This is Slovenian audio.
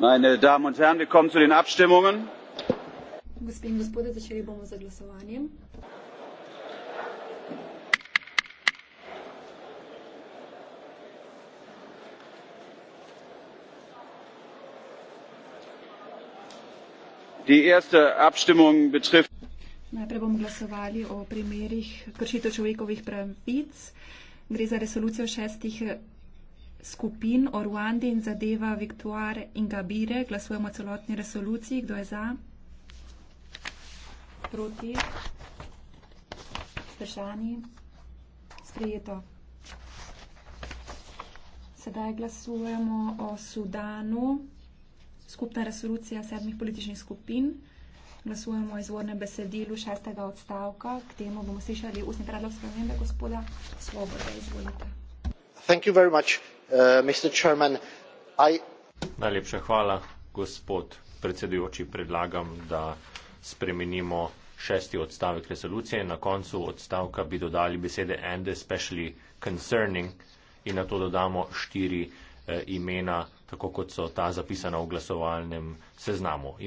Meine Damen und Herren, wir kommen zu den Abstimmungen. Gospod in gospode, začeli bomo z glasovanjem. Die erste Abstimmung betrifft. Najprej bomo glasovali o primerih kršitev človekovih pravic. Gre za resolucijo šestih skupin o Ruandi in zadeva Viktuar in Gabire. Glasujemo o celotni resoluciji. Kdo je za? Proti? Zdržani? Sprejeto. Sedaj glasujemo o Sudanu. Skupna resolucija sedmih političnih skupin. Glasujemo o izvornem besedilu šestega odstavka. K temu bomo slišali ustni predlog spremembe gospoda Svobode. Izvolite. Thank you very much. Uh, Najlepša hvala, gospod predsedujoči. Predlagam, da spremenimo šesti odstavek resolucije. Na koncu odstavka bi dodali besede and especially concerning in na to dodamo štiri eh, imena, tako kot so ta zapisana v glasovalnem seznamu.